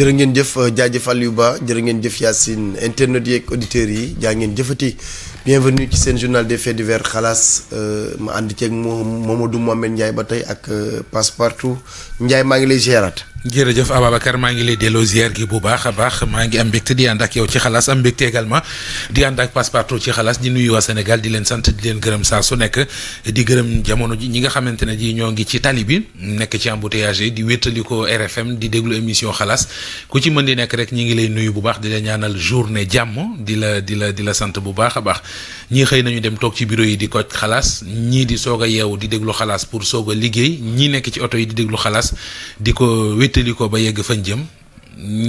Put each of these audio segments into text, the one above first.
jërë ngeen jëf euh, jaajëfal yu ba jërë ngeen jëf Yacine internet yi ak auditeurs yi jaa ngeen jëfati bienvenue ci seen journal des faits divers xalaas euh, ma ànd ceeg Momadou Mohamed Ndiaye ba tey ak euh, Passepartout Ndiaye maa ngi lay ziaraat. a Ababacar maa ngi lay delloo ziar gi bu baax a baax maa ngi am mbégte di ànd ak yow ci xalaas am mbégte également di ànd ak passe partout ci xalaas di nuyu waa Sénégal di leen sant di leen gërëm saa su nekk di gërëm jamono ji ñi nga xamante ne ji ñoo ngi ci tali bi nekk ci embouteillage yi di wéttali ko di déglu émission xalaas ku ci mën di nekk rek ñi ngi lay nuyu bu baax di la ñaanal journée jàmm di la di la di la sant bu baax a baax ñii xëy nañu dem toog ci bureau yi di ko xalaas ñii di soog a yeewu di déglu xalaas pour soog a liggéey ñii nekk ci oto yi di déglu di ko wéttali ko ba yegg fañ jëm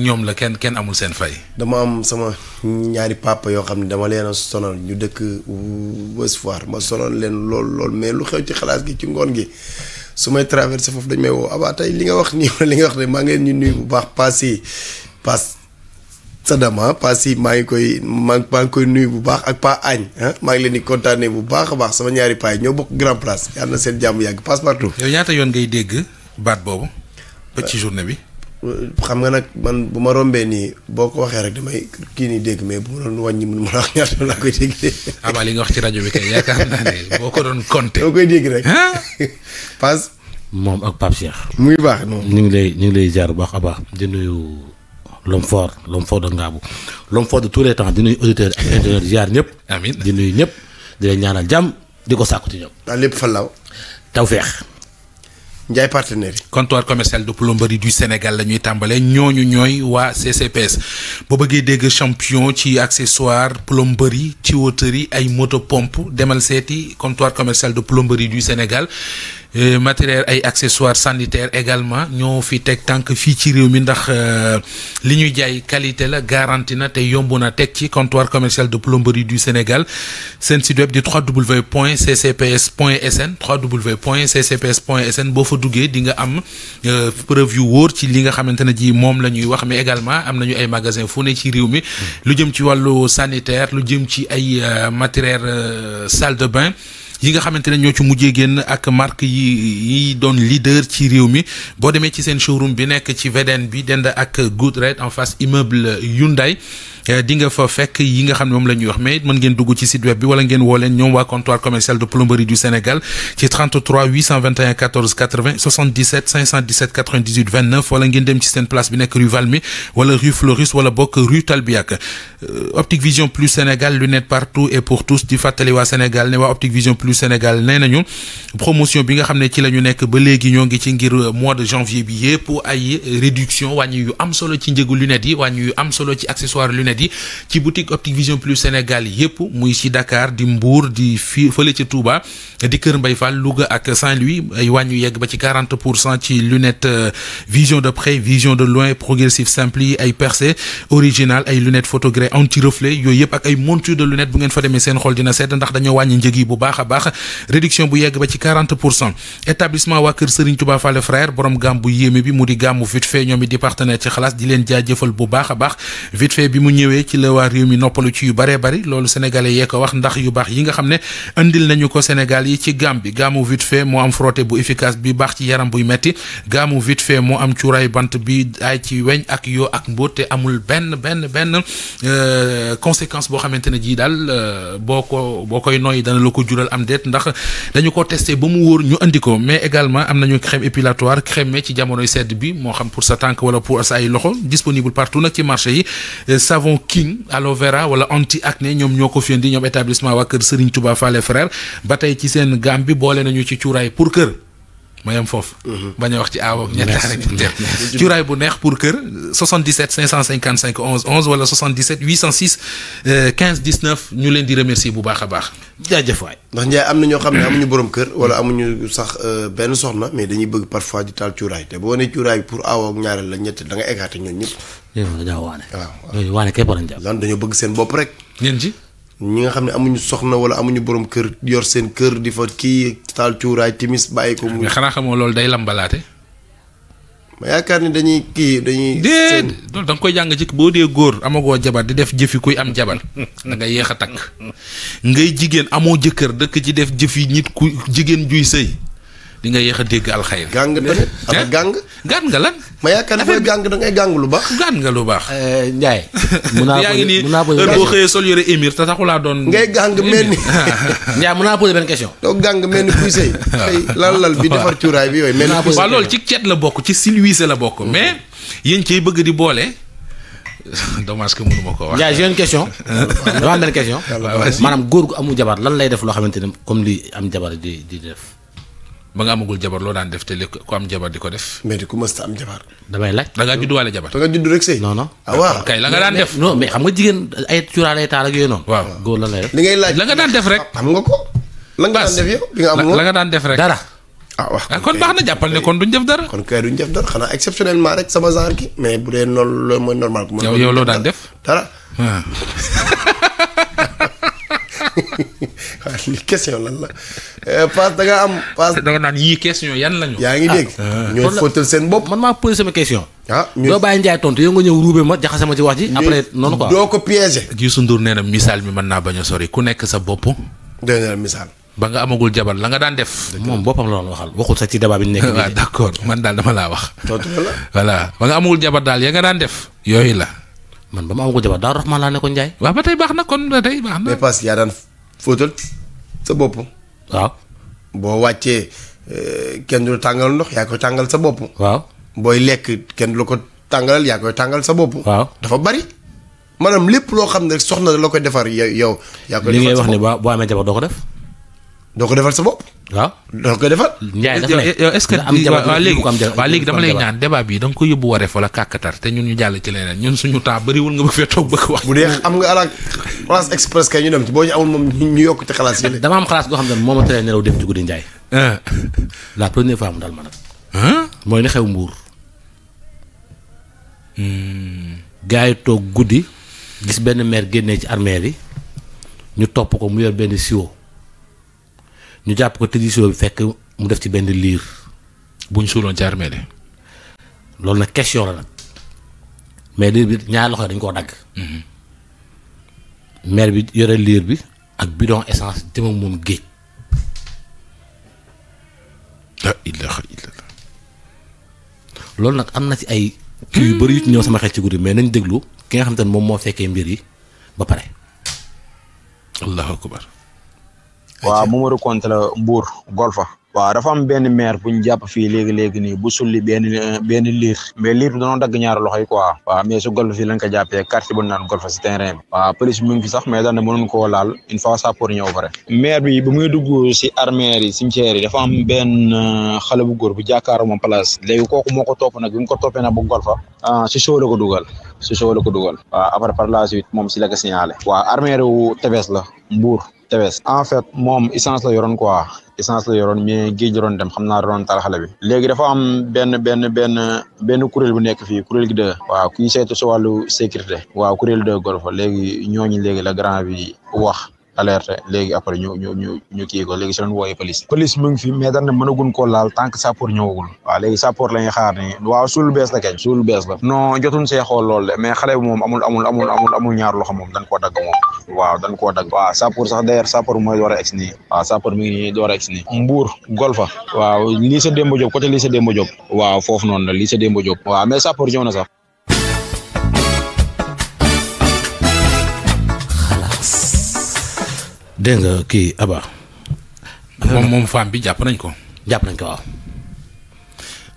ñoom la kenn kenn amul seen fay. dama am sama ñaari papa yoo xam ne dama leen a sonal ñu dëkk Ouest Foire ma sonal leen lool lool mais lu xew ci xalaas gi ci ngoon gi su may traversé foofu dañ may woo abaa li nga wax nii li nga wax ne maa ngi leen nuyu bu baax paas yi paas Sadama paas yi maa ngi koy maa maa ngi koy nuyu bu baax ak pa añ ah, maa ngi leen di kontaanee bu baax a baax sama ñaari paa yi ñoo bokk grand place yàlla na seen jàmm yàgg passe partout. yow ñaata yoon ngay dégg. baat boobu. ci journée bi. xam nga nag man bu ma rombee nii boo ko waxee rek damay kii nii dégg mais bu ma doon wàññi mun ma wax ñaata laa koy dégg ah li nga wax ci rajo bi kay yaakaar naa ne boo ko doon compter. boo koy rek. Pass. moom ak Pape Cheikh. muy baax noonu. ñu ngi lay ñu ngi lay jaar bu baax abaa di nuyu l'homme fort l'homme fort de Ngabou de tous les temps di nuyu auditeurs ak internet jaar ñëpp. amiin di nuyu ñëpp di leen ñaanal jàmm di ko sàkku ci ñoom. daal lépp fa law. tawfeex. Ndiaye partenaire yi. comptoir commercial de plomberie du Sénégal la ñuy tàmbalee ñooñu ñooy waa CCPS boo bëggee dégg champion ci accessoire plomberie tuyauterie ay moto pomp demal seeti comptoir commercial de plomberie du Sénégal. Euh, matériel ay accessoires sanitaires également ñoo fi teg tànk fii ci réew mi ndax euh, li ñuy jaay qualité la garanti na te yomb na teg ci comptoir commercial de plomberie du Sénégal seen site web di www point ccps point sn www point ccps point sn boo fa duggee di nga am euh, preuve yu wóor ci li nga xamante ne ji moom la ñuy wax mi également am nañu ay magasin fu ne ci réew mi mm. lu jëm ci wàllu sanitaire lu jëm ci ay matériel salle de bain yi nga xamante ne ñoo ci mujjee génn ak marque yi yi doon leader ci réew mi boo demee ci seen showroom bi nekk ci VDN bi dend ak Goodred en face immeuble Hyundai Eh, di nga fa fekk yi nga xam ne moom la ñuy wax mais mën ngeen dugg ci site web bi wala ngeen woo leen ñoom waa comptoir commercial de plomberie du Sénégal ci 33 ngeen dem ci seen place bi nekk rue Valmy wala rue Floris wala bokk rue Talbiac eh, Optique Vision Plus Sénégal lunettes partout et pour tous di fàttali waa Sénégal ne waa Optique Vision Plus Sénégal nee nañu promotion bi nga xam ne ci la nekk ba léegi ñoo ngi ci ngir euh, mois de janvier bi yëpp internet yi ci boutique Optique Vision Plus Sénégal yëpp muy si Dakar di Mbour di fii fële ci Touba di Kër Mbay Fall Louga ak Saint-Louis ay wàññu yegg ba ci 40 euh, vision de près vision de loin progressif simple yi ay percé original ay lunettes photogré anti reflet yooyu yëpp ak ay monture de lunettes bu ngeen fa demee seen xol dina sedd ndax dañoo wàññi njëg yi bu baax a baax réduction bu yegg ba ci établissement waa Kër Serigne Touba Fall frère borom gàmm ñëwee ci la waa réew mi noppalu ci yu baree bari loolu sénégalais yee ko wax ndax yu baax yi nga xam ne indil nañu ko Sénégal yi ci gaam bi gaamu vite fait moo am frotté bu efficace bi baax ci yaram buy metti gaamu vite fait moo am cuuraay bant bi ay ci weñ ak yoo ak mbóot amul benn benn benn euh, conséquence boo xamante ne jii daal euh, boo ko boo koy noy dana la ko jural am déet ndax dañu ko testé ba mu wóor ñu indi ko mais également am nañu crème épilatoire ci jamonoy sedd bi moo xam pour sa tànk wala pour sa ay loxo savon king aloe vera wala anti acné ñoom ñoo ko fiyandi ñoom établissement waa kër Serigne Touba Fallé frère ba tey ci seen gaam bi boole nañu ci cuuraay pour kër. ma yem foofu. Mhm. bañ a wax ci aaw ak ñetti ak ñetteel. cuuraay bu neex pour kër 77 555 11 11 wala 77 806 15 19 ñu leen di remercier bu baax a baax. jaajëf waay. ndax Ndiaye am na ñoo xam ne amuñu borom kër wala amuñu sax euh, benn soxna mais dañuy bëgg parfois di taal cuuraay te boo nee cuuraay pour aaw ak ñaareel la ñetteel da nga écarté ñoom ñëpp. dañoo waane. waaw waane képp war a dañoo bëgg seen bopp rek. ji. ñi nga xam ne amuñu soxna wala amuñu borom kër yor seen kër di fa kii taal cuuraay timis bàyyi ko. muy xanaa xamoo loolu day lambalaate. ma yaakaar ni dañuy kii dañuy. déet loolu da nga koy jàng ci boo dee góor amagoo jabar di def jëfi kuy am jabar da nga yéex a takk ngay jigéen amoo jëkkër dëkk ci def jëfi nit ku jigéen juy sëy di nga yéex a dégg alxayr. gàng tamit am eh? gàng. nga lan. ma yaakaar ne booy gàng da gàng lu baax. gàn nga lu baax. Eh, Ndiaye. mun naa yaa ngi nii heure boo xëyee sol yore émir te taxulaa doon. ngay gàng mel ni. Ndiaye mun naa poser benn question. doo gàng mel ni bi defar bi yooyu. mel ni ci cet la bokk ci silwiise la bokk. Mm-hmm. mais yéen ciy bëgg di boole. dommage que mënu ma ko wax. Ndiaye j'ai une question. dama am benn question. maanaam góor gu amu jabar lan lay def loo xamante ne comme li am jabar di di def ba nga amagul jabar loo daan def te léegi ku am jabar di ko def. mais di ku mës ta am jabar. damay laaj da ngaa judd waale jabar. da nga judd rek sëy. non ah, kay la nga daan def. daan def rek. xam ko. la nga daan def la nga daan def rek dara. ah waaw ah, kon baax na jàppal ne kon duñ def dara. kon kay duñ def dara xanaa exceptionnellement rek sama genre ki mais bu dee noonu loolu mooy normal. yow yow loo daan def dara. Ah. question lan la Paas eh, da nga am Paas. da nga naan yii question yan lañu. yaa ngi dégg ah, ah. ñoo fóotal seen bopp. man maa posé sama question. ah ñu doo bàyyi Ndiaye tontu yow nga ñëw ruube ma jaxase ma ci wax ji. après noonu quoi doo ko piégé. Youssou Ndour nee na misaal bi man naa bañ a sori ku nekk sa bopp. doy na misaal. ba nga amagul jabar la nga daan def. moom boppam la doon waxal waxul sax ci débat bi ñu nekk. waaw d' ah, man daal dama laa wax. tontu voilà ba nga amagul jabar daal ya nga daan def yooyu la. man ba ma am ko jabar daal Rahman laa ne ko Ndiaye. waaw ba tey baax na kon ba tey baax na. mais parce que yaa daan fóotal sa bopp. waaw. boo wàccee eh, kenn du tàngal ndox yaa koy tàngal sa bopp. waaw booy lekk kenn du ko tàngalal yaa koy tàngal sa bopp. waaw dafa bari. maanaam lépp loo xam ne soxna la koy defar yow. yaa koy defar sa bopp li ngay wax ne boo amee jabar doo ko def. doo ko defal sa bopp. waaw doo ko defal. Ndiaye dafa ne yow est-ce que waaw léegi waaw léegi dama lay ñaan débat bi da ko yóbbu wareef wala kàkkatar te ñun ñu jàll ci leneen ñun suñu temps bëriwul nga bëgg fee toog bëgg wax. bu dee am nga ala xalaas express kay ñu dem ci boo ñu amul moom ñu yokk ci xalaas yi. dama am xalaas goo xam ne moom a tere nelaw dem ci guddi Ndiaye. Ah. la première fois mu dal ma nag. Ah. mooy ne xew mbuur. gars yi toog guddi gis benn maire génnee ci armée yi ñu topp ko mu yor benn siwo ñu jàpp ko tëddi silo bi fekk mu def ci benn liir. buñ suuloo suuloon ci armée loolu nag question la nag mais liir bi ñaar loxo dañ koo dagg. Mhm. maire bi yore liir bi ak bidon essence te moom géej. la nag am na ci ay. kii yu bëri yu ci ñëw sama xel ci guddi mais nañ déglu ki nga xam te moom moo fekkee mbir yi ba pare. waaw Momadou Konte la Mbour Golfa. waaw dafa am benn maire bu ñu jàpp fii léegi léegi nii bu sulli benn benn liir mais liir bi dañoo dagg ñaar loxo yi quoi waaw mais su golf fii lañ ko jàppee quartier bu naan golf si terrain bi waaw police mu ngi fi sax mais dañ ne mënuñ koo laal une fois ça pour ñëw bare maire bi bu muy dugg si armère yi cimetière yi dafa am benn euh, xale bu góor bu jàkkaaroo moom place léegi kooku moo ko topp nag bi mu ko toppee nag bu golfa si ah, soo la ko dugal si soo ko dugal waaw après par la suite moom si la ko signalé waaw armère wu tefes la Mbour tefes en fait moom essence la yoroon quoi essence la yoroon mais géej la doon dem xam naa doon taal xale bi léegi dafa am benn benn benn benn kuréel bu nekk fii kuréel gi de waaw kuy saytu si wàllu sécurité waaw kuréel de golf léegi ñooñu léegi la grand bi wax alerte léegi après ñu ñu ñu ñu kii ko léegi si lañ wooyee police police mu ngi fi mais dañ ne mënagun koo laal tant que sappoor ñëwagul waaw léegi sappoor la ñuy xaar ni waaw suul bees la kañ suul bees la non jotun see xool loolu de mais xale bi moom amul amul amul amul amul ñaar loxo moom dañ koo dagg moom waaw dañ koo dagg waaw sappoor sax d'ailleurs sappoor mooy door a egsi nii waaw door a egsi nii mbuur golfa waaw lycée Demba Diop côté lycée Demba Diop waaw foofu noonu la lycée Demba Diop waaw mais sappoor ñëw sax dégg nga kii Aba. moom moom femme bi jàpp nañ ko. jàpp nañ ko waaw.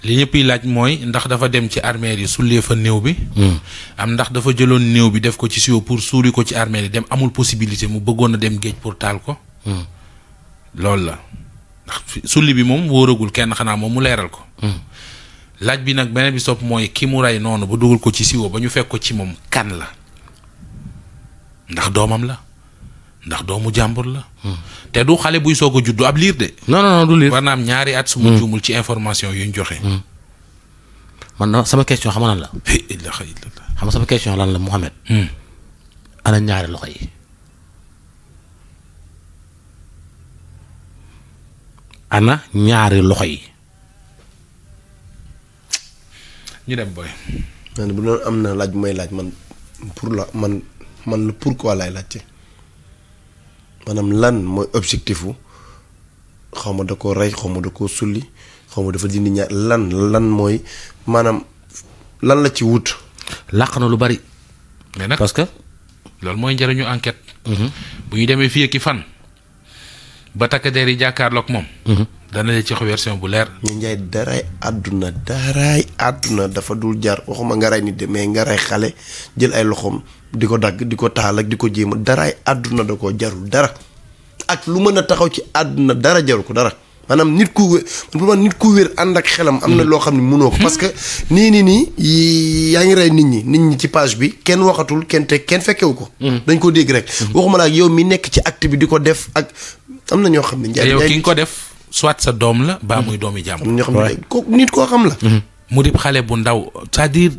li ñëpp yi laaj mooy ndax dafa dem ci armeel yi sullee fa néew bi. Hmm. am ndax dafa jëloon néew bi def ko ci siwo pour suuli ko ci armeel yi dem amul possibilité mu bëggoon a dem géej pour taal ko. Hmm. loolu la ndax sulli bi moom wóoragul kenn xanaa moom mu leeral ko. Hmm. laaj bi nag beneen bi sopp mooy ki mu rey noonu ba dugal ko ci siwo ba ñu fekk ko ci moom kan la ndax doomam la. ndax doomu jàmbur la. te du xale buy soog a juddu ab liir de. non non liir war na am ñaari at. su ma hmm. ci information yu ñu joxe. Hmm. man na sama question xam lan la. xam sama question lan la Mouhamed. Hmm. ana ñaari loxo yi. ana ñaari loxo yi. ñu dem booy. man bu doon am na laaj bu may laaj man pour la man man pourquoi lay laajte. maanaam lan mooy objectifu xaw ma da ko rey xaw ma da ko sulli xaw ma dafa dindi ñaar lan lan mooy maanaam lan la ci wut. làq na lu bari. mais nag parce que. loolu mooy njëriñu enquête. Mhm. bu ñu demee fii ak fan. ba takk der yi jàkkaarloog moom. Mhm. dana la ci version bu leer. ñu njaay daraay àdduna daraay àdduna dafa dul jaar waxuma nga rey nit de mais nga rey xale jël ay loxoom di ko dagg di ko taal ak di ko jéem a daraay àdduna da koo jarul dara ak lu mën a taxaw ci àdduna dara jaru ko dara maanaam nit ku wér pour man ku wér ànd ak xelam am na hmm. loo xam ne mënoo ko parce que nii nii nii yaa ngi rey nit ñi nit ñi ci page bi kenn waxatul kenn kenn fekkewu ko hmm. dañ ko dégg rek hmm. waxuma la ak yow mi nekk ci acte bi di ko def ak am na ñoo xam ne yow ki nga ko def soit sa doom la baa muy doomi jàmm ñoo xam ne ko nit koo xam la mu dib xale bu ndaw c'est-à-dire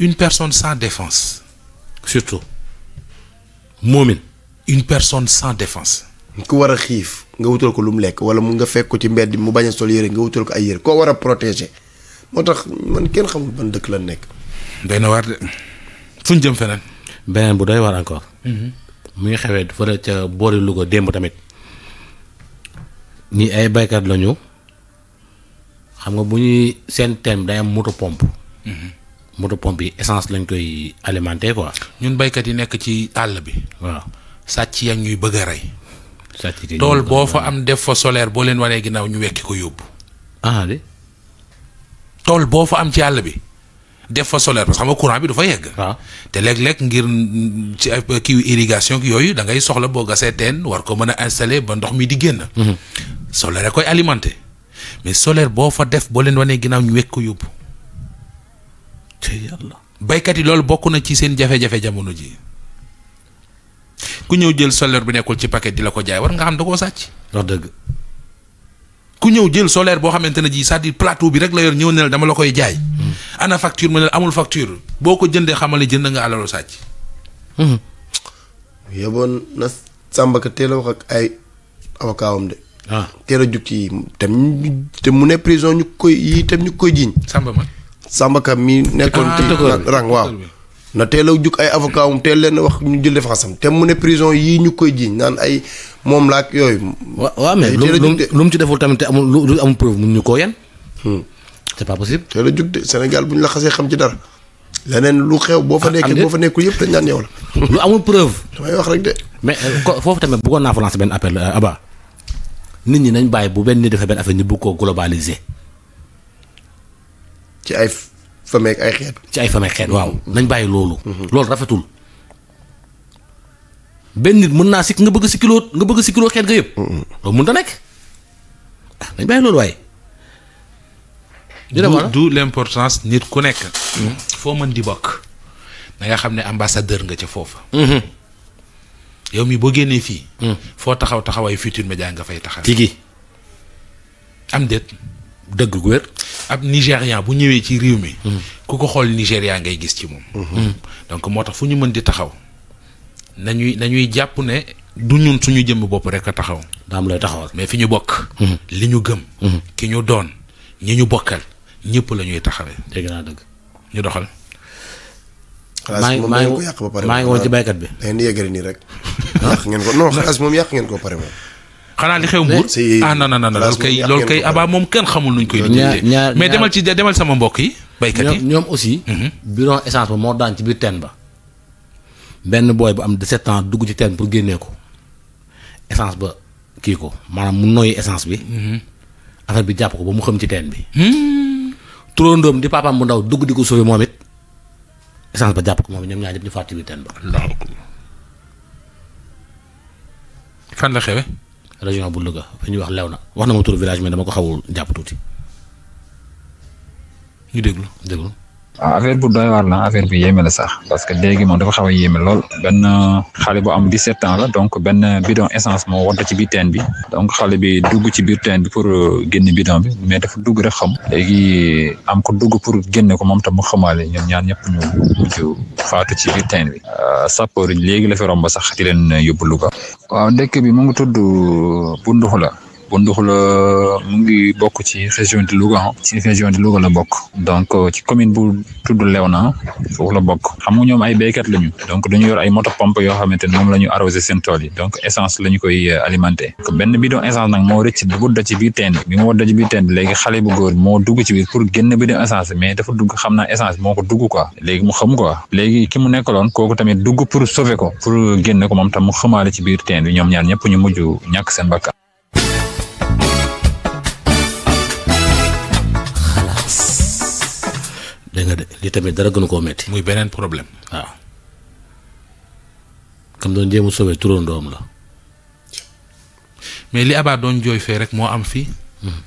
une surtout moomin une personne sans défense. ku war a xiif nga wutal ko lu mu lekk wala mu nga fekk ko ci mbedd mu bañ sol yére nga wutal ko ay yére koo war a protéger moo tax man kenn xamul ban dëkk la nekk. doy na waar de fuñ jëm feneen. beneen bu doy waar encore. mu mhm. ngi xewee fële ca boori ko démb tamit ñi ay baykat lañu xam nga bu ñuy seen thème day am moto pompe. Mhm. moto pompe yi essence lañ koy alimenter quoi. ñun baykat yi nekk ci àll bi. waaw sàcc yaa ñuy bëgg a rey. sàcc tool boo fa am def fa solaire boo leen wanee ginnaaw ñu wekki ko yóbbu. ah tool boo fa am ci àll bi. def fa solaire parce xam nga courant bi du fa yegg. Ah. te léeg-léeg ngir ci kii irrigation yooyu da ngay soxla boo gasee teen war ko mën a installer ba ndox mi di génn. Mhm. solaire koy alimenter mais solaire boo fa def boo leen wanee ginnaaw ñu wekk ko yóbbu. yàlla yi loolu bokk na ci seen jafe-jafe jamono ji ku ñëw jël solaire bu nekkul ci paquet di la ko jaay war nga xam da koo sàcc. wax dëgg. ku ñëw jël solaire boo xamante ne ji c'est-à-dire bi rek la yor ñëw ne la dama la koy jaay. Hmm. ana facture ma ne amul facture boo ko jëndee xamale jënd nga alalu sàcc. Hmm. yeboon na Samba ka teel la wax ak ay avocat am de. ah teel a jug tam te mu ne prison ñu koy yi tam ñu koy jiiñ. Samba ma Samba Ka mi nekkoon ah, ci rang waaw na teel a jug ay avocat um teel leen wax ñu jël def xasam te mu ne prison yii ñu koy jiiñ naan ay moom laak yooyu. waaw mais lu mu ci deful tamit te amul lu amul preuve mun ñu koo yan. Hmm. c'est pas possible. teel a jug de Sénégal bu la xasee xam ci dara. leneen lu boo fa ah, nekkee boo fa nekkul yëpp dañ naan yow la. lu amul preuve. damay wax rek de. mais euh, foofu tamit bëggoon naa fa lancer benn appel euh, Aba nit ñi nañ bàyyi bu benn ni defee benn affaire ñu bëgg koo globaliser. ci ay fameek ay xeet. ci ay fameek xeet waaw nañ bàyyi loolu. loolu rafetul. benn nit mën naa sikk nga bëgg si kilo nga bëgg si kilo xeet ga yëpp. loolu mënut a nekk ah nañ bàyyi loolu waaye. du l'importance nit ku nekk. foo mën di bokk. da xam ne ambassadeur nga ci foofa. Mhm. yow mi boo génnee fii. Mhm. foo taxaw taxawaayu Futurs Médias nga fay taxaw. tigi am déet. dëgg gu wér. ab Nigérian bu ñëwee ci réew mi. Mm-hmm. ku ko xool Nigéria ngay gis ci moom. Mm-hmm. Mm-hmm. donc moo tax fu ñu mën di taxaw na nañuy nañuy jàpp ne du ñun suñu jëmm bopp rek a taxaw. mu lay taxawal mais fi ñu bokk. li ñu gëm. ki ñu doon ñi ñu bokkal ñëpp la ñuy taxawee. dégg naa dëgg ñu doxal. xalaas moom ngeen ko yàq ba pare maa ngi woon ci baykat bi. da nii rek. yàq ngeen ko non xalaas moom yàq ngeen ko pare moom. xanaa li xew eh, mbuur ah non non non loolu kay loolu ah, kay abaa moom kenn xamul nuñ koy. ñaar mais demal ci demal sama mbokk yi. baykat ñoom aussi. Mhm. bidon essence ba moo daan ci biir teen ba. benn booy bu am 17 ans dugg ci teen pour génnee ko ba kii ko maanaam mu noyyi essence bi. Mhm. affaire jàpp ko ba mu xam ci teen bi. Hmm. turandoom di papaam bu ndaw dugg di ko sauver moom it essence ba jàpp ko moom ñoom ñaar ñëpp ñu faat ci biir teen ba. fan la xewe région bu Louga fi ñuy wax lew na wax na ma tur village mais dama ko xawul jàpp tuuti. ñu déglu déglu. waaw ah, affaire bu doy waar la affaire bu yéeme la sax parce que léegi moom dafa xaw a yéeme lool benn xale bu am 17 ans la donc benn bidon essence moo wadd ci biir teen bi donc xale bi dugg ci biir teen bi pour euh, génn bidon bi mais dafa dugg rek xam léegi am ko dugg pour génne ko moom tam mu xamaale ñoom ñaar ñëpp ñu faatu ci biir teen bi ah, sappoor léegi la fi ba sax di leen yóbbu Louga. waaw dëkk bi mu ngi tudd euh, Boundoukhoula Boundoukhoula mu ngi bokk ci région de Louga ah. ci région de la bokk donc euh, ci commune bu tudd Léona foofu la bokk xam nga ñoom ay béykat lañu donc dañu yor ay moto pompe yo xamante ne moom la ñu arrosé seen tool yi donc essence la ñu koy euh, alimenté benn bidon essence nag moo rëcc bu wadda ci biir teen bi léegi xale bu góor moo dugg ci biir pour génn bidon essence mais dafa dugg xam naa essence moo ko dugg quoi léegi mu xam quoi léegi ki nekk loon kooku tamit dugg pour sauver ko pour génn ko moom tam mu xamaale ci biir teen bi ñoom ñaar ñëpp ñu mujj ñàkk seen bakkan dégg nga de li tamit dara gënu koo metti muy beneen problème waaw. xam doon jéem a sauver turandoom la. mais li Abba doon jooy fee rek moo am fii. Hmm.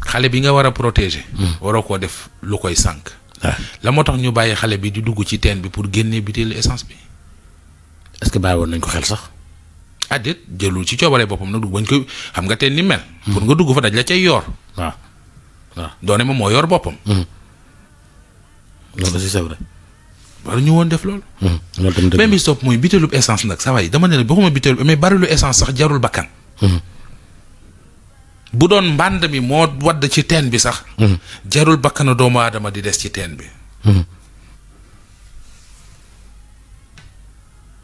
xale bi nga war a protéger. Hmm. waroo koo def lu koy sànq. Ah. la moo tax ñu bàyyi xale bi di dugg ci teen bi pour génne butéelu essence bi. est que bàyyi woon nañ ko xel sax. ah déet jëlul ci coobare boppam nag dugg bañ ko xam nga teen ni mel. Hmm. pour nga dugg fa daj la cay yoor. waaw ah. ah. waaw doone ma moo yor boppam. loolu aussi c'est vrai. wala woon def loolu. mooy hmm, butéelu essence nag saa waay dama ne la bokkuma butéelu mais barilu essence sax jarul bakkan. Hmm. bu doon mbànd mi moo wadd ci teen bi sax. Hmm. jarul bakkanu doomu aadama di des ci teen bi.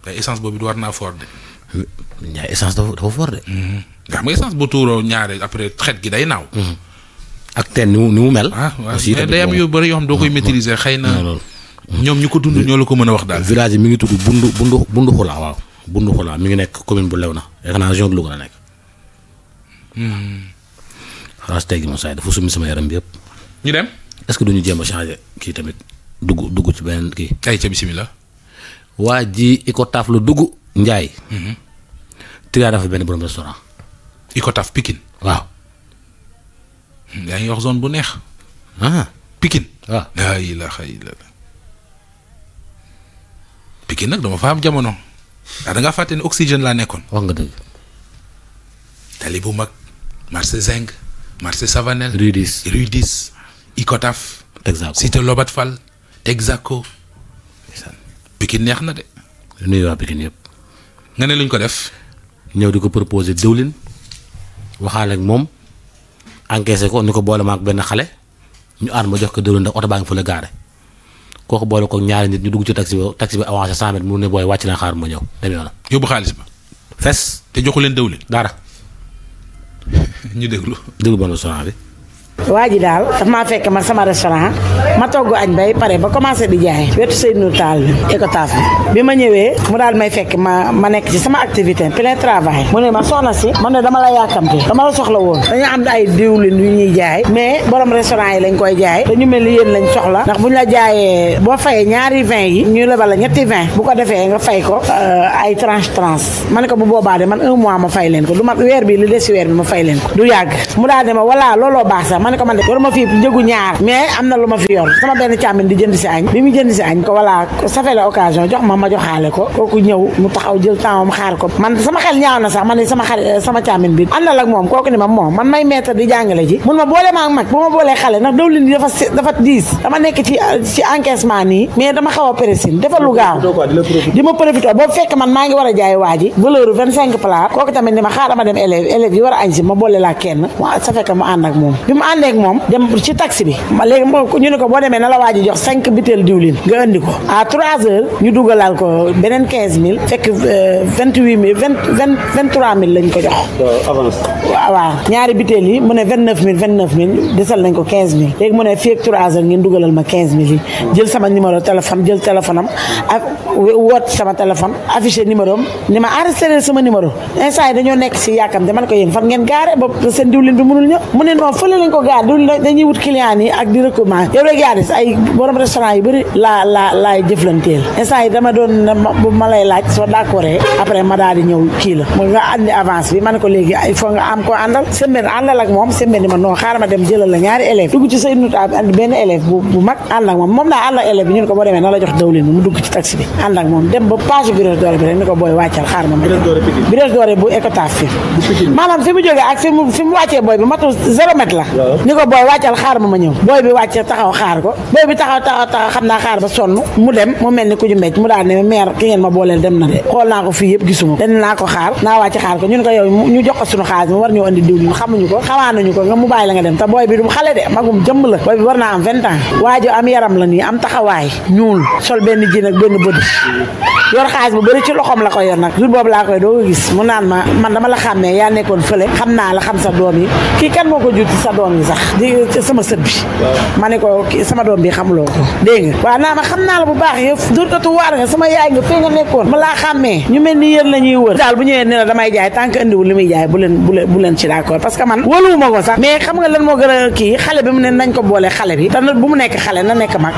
te essence boobu war naa fort de. ñaar essence dafa dafa fort de. nga xam essence bu tuuroo ñaare après xet gi day naaw. ak teen ni mu ni mu mel. Ah, aussi tamit day am yu bëri yoo xam doo koy maîtriser xëy na. ñoom ñu ko dund ñoo la ko mën a wax daal. village yi mi ngi tudd Bundu Bundu Bundu Xula waaw Bundu Xula mi ngi nekk commune bu Léona na lu ko Louga la nekk. Hmm. xalaas tey moom saa dafa summi sama yaram bi yëpp. ñu dem. est-ce que duñu jéem a changer kii tamit dugg dugg ci beneen kii. ay ca bisimilah. waa ji Icotaf la dugg. Ndiaye. Hmm. Tira dafa benn borom restaurant. Icotaf yaa ngi wax zone bu neex. pikin ah. Pikine. Ah. laa ilaaha illallaah Pikine nag dama fa am jamono. ndax ah, da ngaa fàtte ne oxygène laa nekkoon. wax nga dëgg. tali bu mag. marché Zinc. marché Savanel. rue 10 rue 10. Icotaf. Texaco Lobat Fall. Texaco. Pikine neex na de. nuyu waa Pikine yëpp. nga ne luñ ko def. ñëw di ko proposé diwlin. waxaale ak moom. encaissé ko ni ko boole maak benn xale ñu aar ma jox ko dëru ndax oto baa ngi fa la gaare kooku boole ko ñaari nit ñu dugg ci taxi bi taxi bi avancé cent mètres mu ne booy wàcc na xaar ma ñëw dem yoonam. yóbbu xaalis ba. fes te joxu leen dëwlin. dara. ñu déglu déglu bande son bi. waa ji daal daf maa fekk ma sama restaurant ma togg añ bay pare ba commencé di jaay wetu Seydou Taal bi Ecotaaf bi bi ma ñëwee mu daal may fekk ma ma nekk ci sama activité plein travail mu ne ma soxna si man ne dama la yàkkamte dama la woon dañu am ay diwlin yu ñuy jaay mais borom restaurant yi lañ koy jaay dañu mel ni yéen lañ soxla ndax bu ñu la jaayee boo fayee ñaari vin yi ñu lebal ñetti vin bu ko defee nga fay ko euh, ay tranche tranche ma ne ko bu boobaa man un ma fay leen ko du ma weer bi li des weer bi ma fay leen ko du yàgg mu daal ne ma looloo baax sax ma ne ko man ma fii njëgu ko man sama a pressing dafa lu gaaw di ma profité boobu fekk man maa ngi war a jaay waa ji vingt cinq plat kooku tamit ni ma xaar dama dem élève élève yi war a añ si ma boole laa kenn mu sa fekk mu ànd ak moom àndeek moom dem ci taxi bi léegi ñu ne ko boo demee na la waaji jox cinq butéel diwlin nga andi ko à trois heures ñu dugalal ko beneen quinze mille fekk euh, vingt huit mille vingt vingt vingt trois mille lañ ko jox euh, avance ah waaw ñaari biteel yi mu ne vingt neuf mille vingt neuf mille desal nañ ko quinze mille léegi mu ne fii ak trois heures ngeen dugalal ma quinze mille yi jël sama numéro téléphone jël téléphone am ak ni ma enregistré sama numéro instant yi dañoo nekk si yàkkamte man ko yéen fan ay borom restaurant yu bëri laa laa laay jëflanteel instant yi dama doon bu ma lay laaj soo d'accord après ma daal ñëw kii la mu nga andi avance bi man ko léegi il faut am ko àndal sembeen àndal ak moom sembeen di ma non xaaral ma dem jëlal la ñaari élève dugg ci sa unité bi benn élève bu mag ànd ak moom moom naa ànd ak élève bi ñun ko boo demee na la ni ko booy wàccal xaar ma ma ñëw booy bi wàccee taxaw xaar ko booy bi taxaw taxaw taxaw xam naa xaar ba sonn mu dem mu mel ni ku ñu mbéj mu daal ne ki ngeen ma booleel dem na de xool naa ko fii yëpp gisuma dañ naa ko xaar naa wàcc xaar ko ñun ko yow ñu jox ko suñu xaalis mu war ñu moo indi diwlin xamuñu ko xamaanuñu ko nga mu bàyyi la nga dem te booy bi du xale de magum jëmm la booy bi war naa am vingt ans la nii am taxawaay ñuul sol benn ji la ko yor nag jour boobu laa ma la xàmmee yaa nekkoon fële xam naa la xam sa doom yi kii kan moo ko jur sa doom yi sax di sama sët bi ma ne ko sama doom bi xamuloo ko dégg nga waaw naa ma xam naa la bu baax yëf dóorkatu waar nga sama yaay nga fee nga nekkoon ma laa xàmmee ñu mel ni yéen la ñuy wër daal bu ñëwee ne la damay jaay tant indiwul li muy jaay bu man ci d'accord parce que man wóoluwuma ko sax mais xam nga lan moo gën a kii xale bi mu ne nañ ko boole xale bi te bu mu nekk xale na nekk mag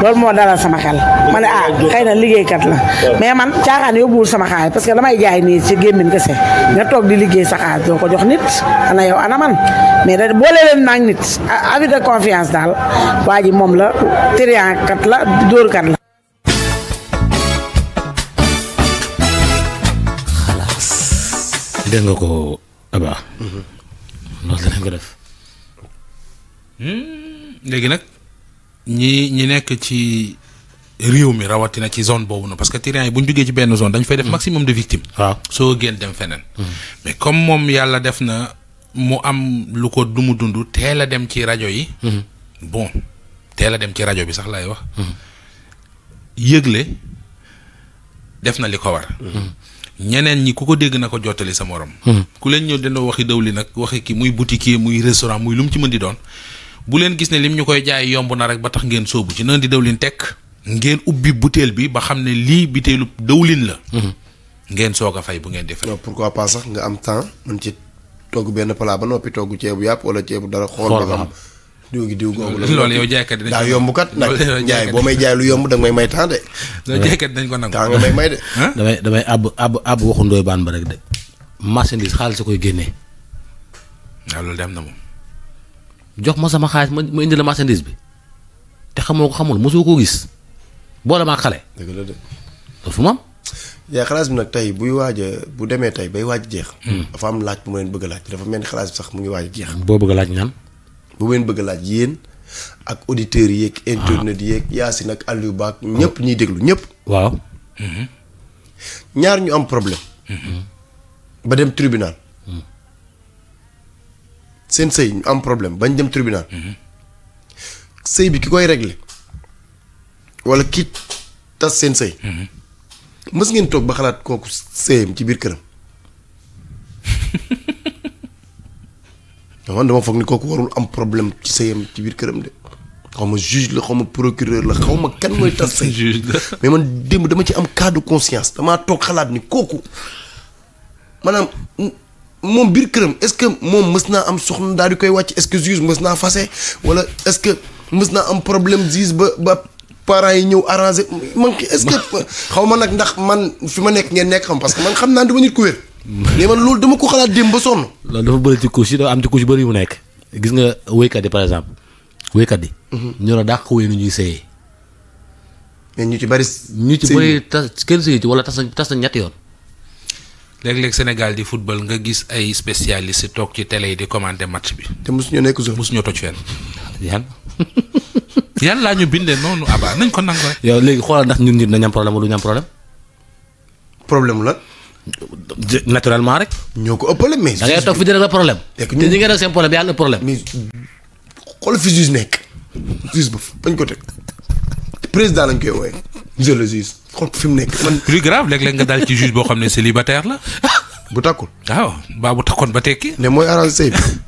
loolu moo dalal sama xel ma ah xëy na liggéeykat la mais man caaxaan yóbbuwul sama xaalis parce que damay jaay nii ci gémmiñ kese nga toog di liggéey sa xaalis ko jox nit ana yow ana man mais da boole leen naag nit avis confiance daal waa ji moom la triankat la dóorkat la dégg nga ko abaa ah loolu def hmm, léegi nag ñi ñi nekk ci réew mi rawatina ci zone boobu na parce que tyrans yi bu ñu duggee ci benn zone dañ fay def hmm. maximum de victimes waaw soo génn dem feneen hmm. mais comme moom yàlla def na mu am lu ko du mu dund teel a dem ci rajo yi bon teel a dem ci rajo bi sax laay wax yëgle def na li ko war ñeneen ñi ku ko dégg na ko jottali sa morom. Hmm. ku leen ñëw dendoo waxi dawli nag waxi ki muy boutique muy restaurant muy lu mu ci mën di doon bu leen gis ne lim ñu koy jaay yomb na rek ba tax ngeen sóobu ci nan di dawlin tekk ngeen ubbi butéel bi ba xam ne lii butéelu dawlin la. Hmm. ngeen soog a fay bu ngeen defee. non pourquoi pas sax nga am temps mën ci togg benn palaa ba noppi togg ceebu yàpp wala ceebu dara. xool ba xam diw gi diw googu la loolu yow jaaykat daa yomb kat nag jaay boo may jaay lu yomb da may may temps de loolu jaaykat dañ ko nangu temps nga may may de damay damay àbb àbb àbb waxu ndooy baan ba rek de marchandise xaalis a koy génnee waaw loolu dem na moom jox ma sama xaalis ma ma indi la marchandise bi te xamoo ko xamul mosoo koo gis boole maa xale dëgg la de tey buy waaj bu demee tey bay waaj jeex hmm. dafa am laaj bu ma leen bëgg laaj dafa mel ni xalaas bi sax mu ngi waaj jeex boo bëgg laaj ñaan bu ngeen bëgg laaj yéen ak auditeurs yeeg. internet yeeg Yacine ak Aliou Ba ak ñëpp ñuy déglu ñëpp. waaw. ñaar ñu am problème. ba dem tribunal. seen sëy ñu am problème bañ dem tribunal. sëy bi ki koy régler wala ki tas seen sëy. mës ngeen toog ba xalaat kooku sëyam ci biir këram. man dama foog ni kooku warul am problème ci sëyam ci biir këram de xaw ma juge la xaw ma procureur la xaw ma kan mooy tas sëy juge la mais man démb dama ci am cas de conscience damaa toog xalaat ni kooku maanaam moom biir këram est-ce que moom mës naa am soxna daal di koy wàcc est-ce que juge mës naa fase wala est-ce que mës naa am problème juge ba ba parents yi ñëw arrangé man est-ce que xaw ma nag ndax man fi ma nekk ngeen nekk xam parce que man xam naa dama nit ku wér mais man loolu dama ko xalaat démb ba sonn. loolu dafa bëri ci couche yi dafa am ci couche bëri mu nekk. gis nga wéykat yi par exemple wéykat yi. Mhm. ñu la dàq wéy nu ñuy seeyee. ñu ci bëri. ñu ci bëri tas kenn seeyu ci wala tas nañ tas nañ ñetti yoon. léeg-léeg Sénégal di football nga gis ay spécialiste toog ci télé yi di commenter match bi. te mosu ñoo nekk sax mosu ñu toj fenn. yan yan laa ñu bindee noonu Aba ah nañ ko nangu rek. yow léegi xoolal ndax ñu ñëpp nañ am problème wala ñu am problème. problème la. naturellement rek. ñoo ko ëppale mais. da ngay toog fi di rek problème. xool fi nekk juge ba bañ ko teg président lañ koy wooye fi mu nekk man. plus grave léeg nga daal ci juge boo xam ne célibataire la. bu takkul waaw baa bu takkoon ba tekki. ne mooy arrangé bi.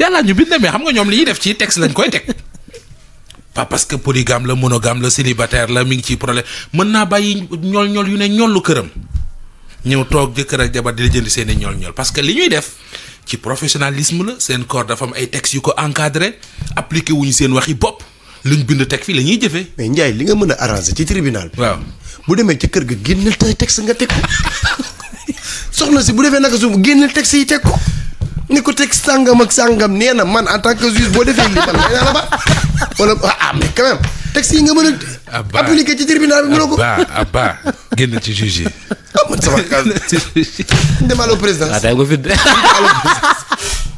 yàlla ñu bind mais xam nga ñoom li def ci texte lañ koy teg. pas parce que polygame la monogame la célibataire la mi ngi ci problème mën naa bàyyi ñool ñool yu ne ñoolu këram. ñëw toog jëkkër ak jabar di la jënd seen i ñool ñool parce que li ñuy def ci professionnalisme la seen corps dafa am ay textes yu ko encadré wu wuñu seen waxi bopp luñ bind teg fii la ñuy jëfee. mais Ndiaye li nga mën a arrangé ci tribunal bi. waaw bu demee ci kër ga génneel teg sa nga teg soxna si bu defee naka su génneel texte yi teg ko ni ko teg sàngam ak sàngam nee na man en tant que juge boo defee lii man la ba wala ah, ah mais quand texte yi nga mën a. abba appliqué ci tribunal bi mënoo ko. abba abba génn ci juge yi. ah man sama kàddu. demal au présidence. waaw day ko fi de.